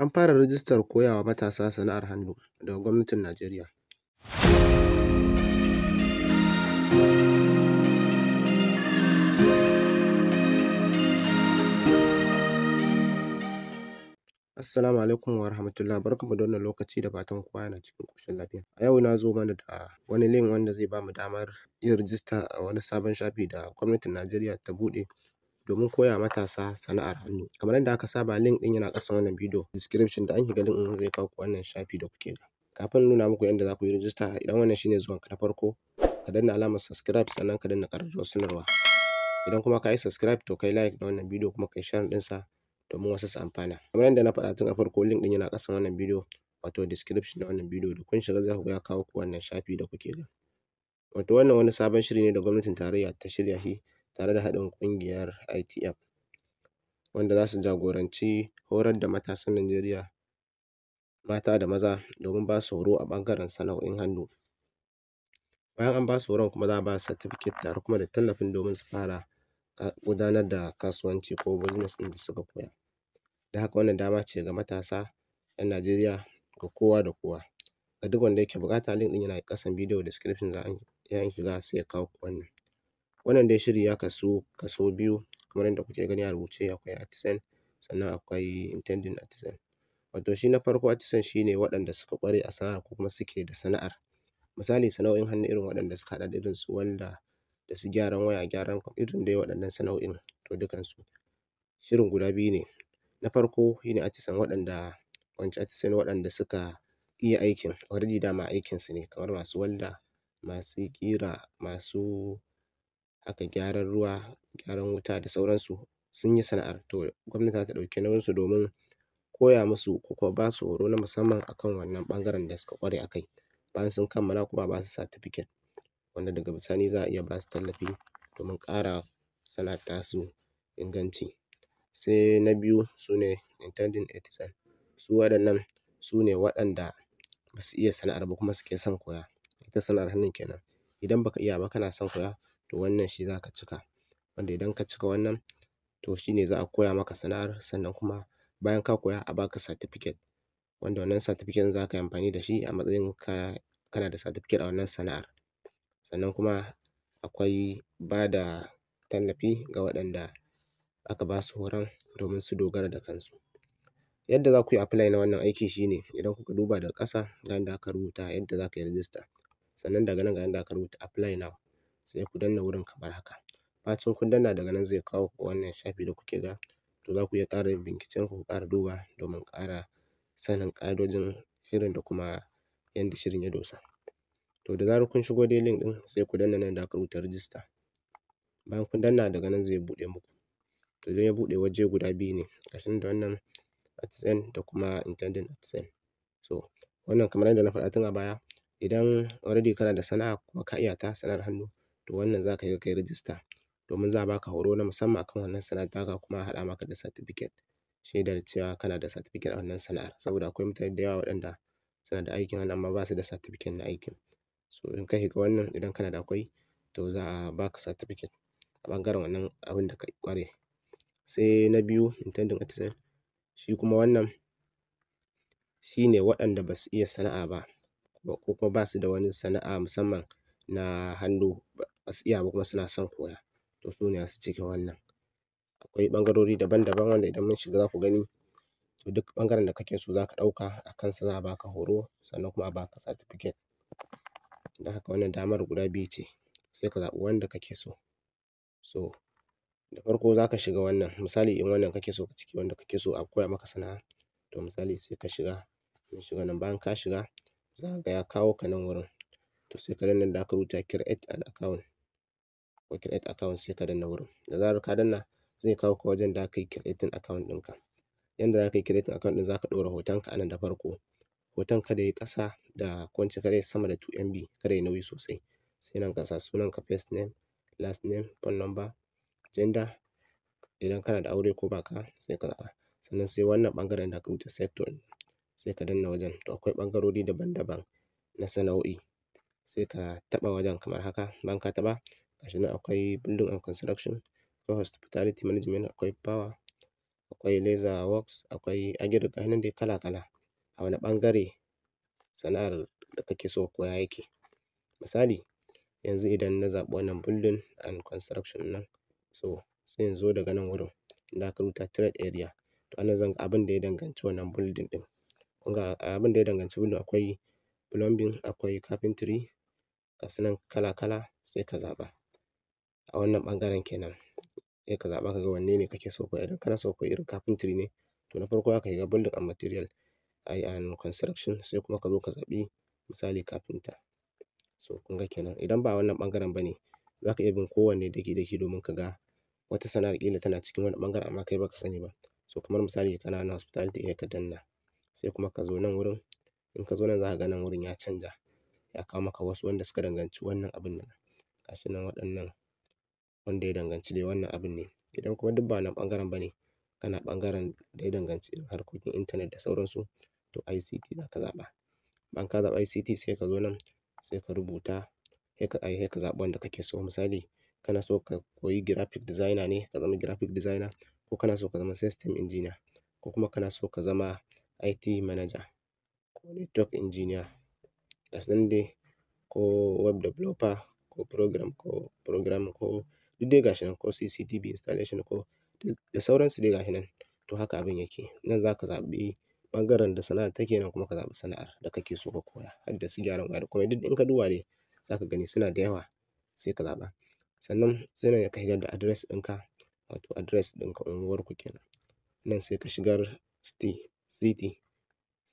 An fara rajistar koyawa matasa sana'ar hannu daga gwamnatin Najeriya. Assalamu alaikum wa rahmatullah barkanmu da wannan lokaci da fatan kowa yana cikin koshin lafiya. A yau na zo mana da wani link wanda zai ba mu damar yin rijista a wani sabon shafi da gwamnatin Najeriya ta buɗe domin koya wa matasa sana'ar hannu kamar yadda aka saba link ɗin yana ƙasan wannan bidiyo description da an shiga link ɗin zai kawo ku wannan shafi da kuke da kafin nuna muku yadda za ku yi rijista idan wannan ne zuwan ka na farko ka danna alamar subscribe sannan ka danna ƙararrawar sanarwa idan kuma ka yi subscribe to kai like da wannan bidiyo kuma kai share ɗinsa domin wasu su amfana kamar yadda na faɗa tun a farko link ɗin yana ƙasan wannan bidiyo wato description na wannan bidiyo da kun shiga za ku ga ya kawo ku wannan shafi da kuke da wato wannan wani sabon shiri ne da gwamnatin tarayya ta shirya shi tare da haɗin ƙungiyar ITF wanda za su jagoranci horar da matasan Najeriya mata da maza domin ba su horo a ɓangaren sana'o'in hannu. Bayan an ba su horon kuma za a ba su certificate tare kuma da tallafin domin su fara gudanar da kasuwanci ko business ɗin da suka koya. da haka wannan dama ce ga matasa 'yan Najeriya ga kowa da kowa. Ga duk wanda yake buƙata link ɗin yana ƙasan bidiyo description za a iya shiga sai ya kawo wannan. wannan dai shiri ya kasu kaso biyu kamar yadda kuke gani a rubuce akwai artisan sannan akwai intending artisan wato shi na farko artisan shi ne waɗanda suka ƙware a sana'a ko kuma suke da sana'ar misali sana'o'in hannu irin waɗanda suka haɗa da irin su walda da su gyaran waya gyaran irin dai waɗannan sana'o'in to dukansu shirin guda biyu ne na farko shi ne artisan waɗanda wancan artisan waɗanda suka iya aikin already dama aikinsu ne kamar masu walda masu ƙira masu haka gyaran ruwa gyaran wuta da sauransu sun yi sana'ar to gwamnati za ta ɗauki nauyinsu domin koya musu ko kuma ba su horo na musamman a kan wannan ɓangaren da suka ƙware a kai bayan sun kammala kuma a ba su certificate wanda daga bisani za a iya ba su tallafi domin ƙara sana'ar tasu inganci sai na biyu su ne intending artisan su waɗannan su ne waɗanda ba su iya sana'ar ba kuma suke son koya ita sana'ar hannun kenan idan baka iya ba kana son koya to wannan shi zaka cika wanda idan ka cika wannan to shine za a koya maka sana'ar sannan kuma bayan ka koya a baka certificate wanda wannan certificate za ka yi amfani da shi a matsayin ka kana da certificate a wannan sana'ar sannan kuma akwai bada tallafi ga waɗanda aka basu horon domin su dogara da kansu yadda za ku yi apply na wannan aiki shine idan kuka duba daga ƙasa ga inda aka rubuta yadda za ka yi register sannan daga nan ga aka rubuta apply now sai ku danna wurin kamar haka bacin kun danna daga nan zai kawo ku wannan shafi da kuke ga to za ku iya ƙara yin binciken ku ƙara duba domin ƙara sanin ƙa'idojin shirin da kuma yanda shirin ya dosa to da zarar kun shigo dai link ɗin sai ku danna nan da aka rubuta register bayan kun danna daga nan zai buɗe muku to idan ya buɗe waje guda biyu ne gashin da wannan send da kuma intanet send so wannan kamar yadda na faɗa tun a baya idan already kana da sana'a kuma ka iya ta sana'ar hannu to wannan za ka kai ka rijista domin za a baka horo na musamman akan wannan sana'ar taka kuma a haɗa maka da certificate shaidar cewa kana da certificate a wannan sana'ar saboda akwai mutane da yawa waɗanda suna da aikin hannu amma ba su da certificate na aikin so in ka shiga wannan idan kana da akwai to za a baka certificate a ɓangaren wannan abin da ka ƙware sai na biyu intending artisan shi kuma wannan shi ne waɗanda ba su iya sana'a ba ko kuma ba su da wani sana'a musamman na hannu ba su kuma suna son koya to su ne su cike wannan akwai ɓangarori daban-daban wanda idan mun shiga zaku gani to duk ɓangaren da kake so za ka ɗauka a kansa za a baka horo sannan kuma a baka certificate don haka wannan damar guda biyu ce sai ka zaɓi wanda kake so so da farko zaka shiga wannan misali in wannan kake so ka ciki wanda kake so a koya maka sana'a to misali sai ka shiga in shiga nan bayan ka shiga za ka ga ya kawo ka nan wurin to sai ka nan da aka rubuta create an account ko create account sai ka danna wurin da zarar ka danna zai kawo ka wajen da aka yi creating account ɗinka yanda za ka yi creating account ɗin za ka ɗora hotonka anan da farko hoton da ya ƙasa da kwanci ka sama da 2 MB kada ya nauyi sosai sai nan ka sa sunanka first name last name phone number gender idan kana da aure ko baka sai ka zaɓa sannan sai wannan ɓangaren da ka wuce sector sai ka danna wajen to akwai bangarori daban-daban na sana'o'i sai ka taba wajen kamar haka bayan ka taɓa Gashi nan akwai building and construction, akwai hospitality management, akwai power, akwai laser works, akwai agric gashi nan dai kala kala. A wani ɓangare sana'ar da kake so ka koya yake. Misali, yanzu idan na zaɓi wannan building and construction nan so sai in zo daga nan wurin inda aka rubuta trade area. To anan zan ga abin da ya danganci wannan building ɗin. Kun ga abin da ya danganci building akwai plumbing, akwai carpentry, gasu nan kala kala sai ka zaɓa. a wannan ɓangaren kenan sai ka zaɓa ka ga wanne ne kake so koya idan kana so koyi irin kafintiri ne to na farko zaka shiga building a material ai an construction sai kuma ka zo ka zaɓi misali kafinta. so kun ga kenan idan ba wannan ɓangaren ba ne za ka iya bin kowanne daki-daki domin ka ga wata sana'ar ƙila tana cikin wani ɓangaren amma kai baka sani ba so kamar misali kana na hospitality iya ka danna sai kuma ka zo nan wurin in ka zo nan za ka ga nan wurin ya canja ya kawo maka wasu wanda suka danganci wannan abin nan gashi nan waɗannan wanda ya danganci dai wannan abun ne. Idan kuma duk ba wannan ɓangaren ba ne, kana ɓangaren da ya danganci harkokin intanet da sauransu to ICT za ka zaɓa. Bayan ka zaɓi ICT sai ka zo nan sai ka rubuta sai ka, ai sai ka zaɓi wanda kake so. Misali kana so ka koyi graphic designer ne ka zama graphic designer ko kana so ka zama system engineer ko kuma kana so ka zama IT manager ko network engineer. Gasu nan dai ko web developer ko program ko programming ko duk dai gashi nan ko CCTV installation ko da sauransu dai gashi nan to haka abin yake nan zaka ka zaɓi ɓangaren da sana'ar take nan kuma ka zaɓi sana'ar da kake so ka koya har da su gyaran waya da komai duk in ka duba dai za gani suna da yawa sai ka zaɓa sannan sai nan ka shigar da address ɗinka wato address ɗinka unguwarku kenan nan sai ka shigar state city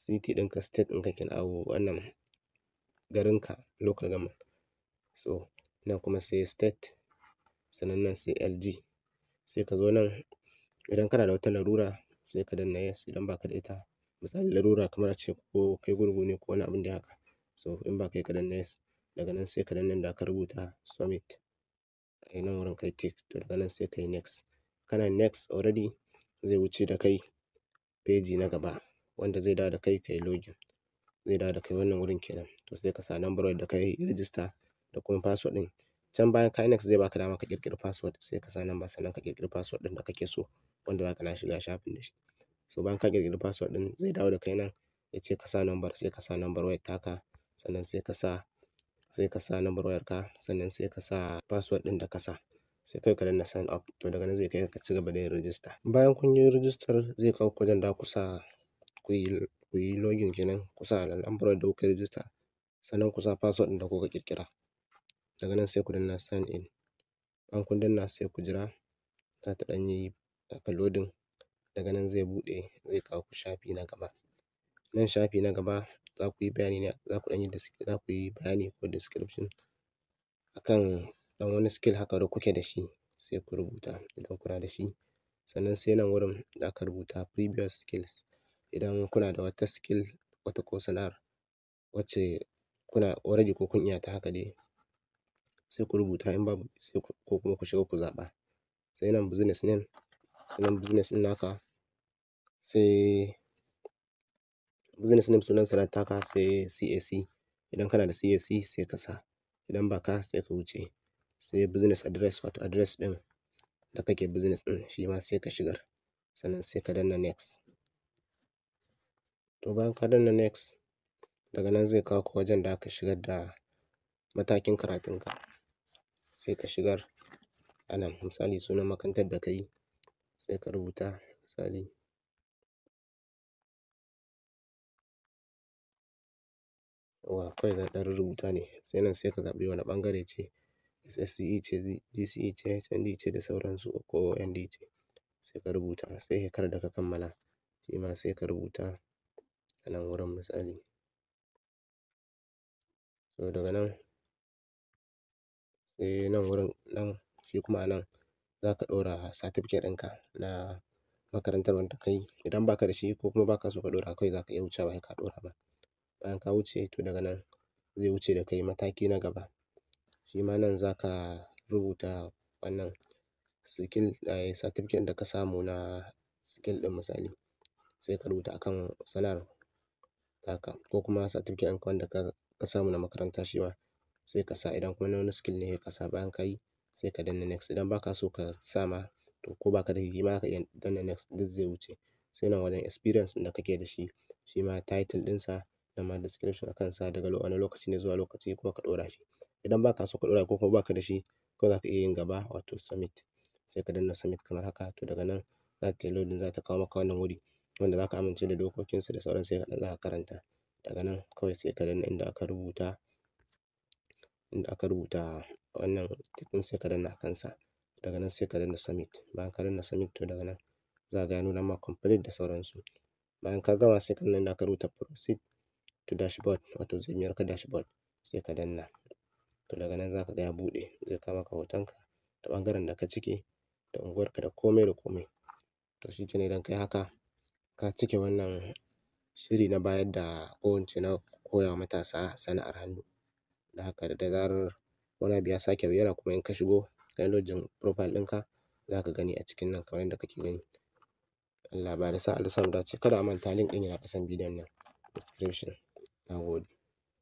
city ɗinka state ɗinka kenan a wannan garinka local government so nan kuma sai state sanannen nan sai LG sai ka zo nan idan kana da wata larura sai ka danna yes idan baka da ita misali larura kamar a ce ko kai gurgu ne ko wani abin da haka so in ba kai ka danna yes daga nan sai ka danna da ka rubuta summit a nan wurin kai tick to daga nan sai kai next kana next already zai wuce da kai peji na gaba wanda zai dawo da kai kai login zai dawo da kai wannan wurin kenan to sai ka sa number da kai register da kuma password din can bayan ka inex zai baka dama ka kirkira password sai ka sa number sannan ka kirkira password ɗin da kake so wanda zaka ka na shiga shafin da shi so bayan ka kirkira password din zai dawo da kai nan ya ce ka sa number sai ka sa number wayar taka sannan sai ka sa sai ka sa number wayar ka sannan sai ka sa password ɗin da ka sa sai kai ka danna sign up to daga nan zai kai ka ci gaba da yin register bayan kun yi register zai kawo ku wajen da ku sa ku yi ku yi login kenan ku sa lambar da kuka register sannan ku sa password ɗin da kuka kirkira. daga nan sai ku danna sign in bayan kun danna sai ku jira za ta ɗan yi loading daga nan zai buɗe zai kawo ku shafi na gaba nan shafi na gaba za ku yi bayani ne za ku yi za ku yi bayani ko description akan ɗan wani skill haka da kuke da shi sai ku rubuta idan kuna da shi sannan sai nan wurin da aka rubuta previous skills idan kuna da wata skill wata ko sana'ar wacce kuna already ko kun iya ta haka dai sai ku rubuta in babu sai ko kuma ku shiga ku zaɓa sai nan business name sunan business ɗin naka sai business name sunan sanar taka sai CAC idan kana da CAC sai ka sa idan baka sai ka wuce sai business address wato address ɗin da kake business ɗin shi ma sai ka shigar sannan sai ka danna next to bayan ka danna next daga nan zai kawo ka wajen da aka shigar da matakin karatunka sai ka shigar a nan misali sunan makarantar da ka yi sai ka rubuta misali wa kawai ɗan rubuta ne sai nan sai ka zaɓi wani ɓangare ce SSCE ce GCE ce HND ce da sauransu ko OND ce sai ka rubuta sai shekarar da ka kammala shi ma sai ka rubuta a nan wurin misali to daga nan sai nan wurin nan shi kuma nan za ka ɗora certificate ɗinka na makarantar wanda kai idan baka da shi ko kuma baka so ka ɗora kai za ka iya wucewa ba ka ɗora ba bayan ka wuce to daga nan zai wuce da kai mataki na gaba shi ma nan za ka rubuta wannan skill ai eh, certificate da ka samu na skill ɗin misali sai ka rubuta akan sana'ar taka ko kuma certificate ɗinka wanda ka samu na makaranta shi ma sai ka sa idan kuma na wani skill ne ka sa bayan ka yi sai ka danna next idan baka so ka sa ma to ko ba da shi ma ka iya danna next duk zai wuce sai nan wajen experience da kake da shi shi ma title sa da ma description akan sa daga wani lokaci ne zuwa lokaci kuma ka ɗora shi idan baka sa so ka ɗora ko kuma baka da shi ko za ka iya yin gaba wato submit sai ka danna submit kamar haka to daga nan za ta yi loading za ta kawo maka wannan wuri wanda za ka amince da dokokinsu da sauran sai ka ɗan za ka karanta daga nan kawai sai ka danna inda aka rubuta inda aka rubuta wannan tukun sai ka danna a kansa daga nan sai ka danna submit bayan ka danna submit to daga nan za ka ya nuna ma complete da sauransu bayan ka gama sai ka danna inda aka rubuta proceed to dashboard wato zai miyar ka dashboard sai ka danna to daga nan za ka ga ya buɗe zai kama ka hotonka da ɓangaren da ka cike da unguwarka da komai da komai to shi kenan idan kai haka ka cike wannan shiri na bayar da ko in ce na koya wa matasa sana'ar hannu da haka da zarar wani abu ya sake bayyana kuma in ka shigo yi lodgin profile ɗinka za ka gani a cikin nan kamar yadda kake gani Allah ya bada sa'a da sa kada a manta link ɗin yana ƙasan bidiyon nan description godi.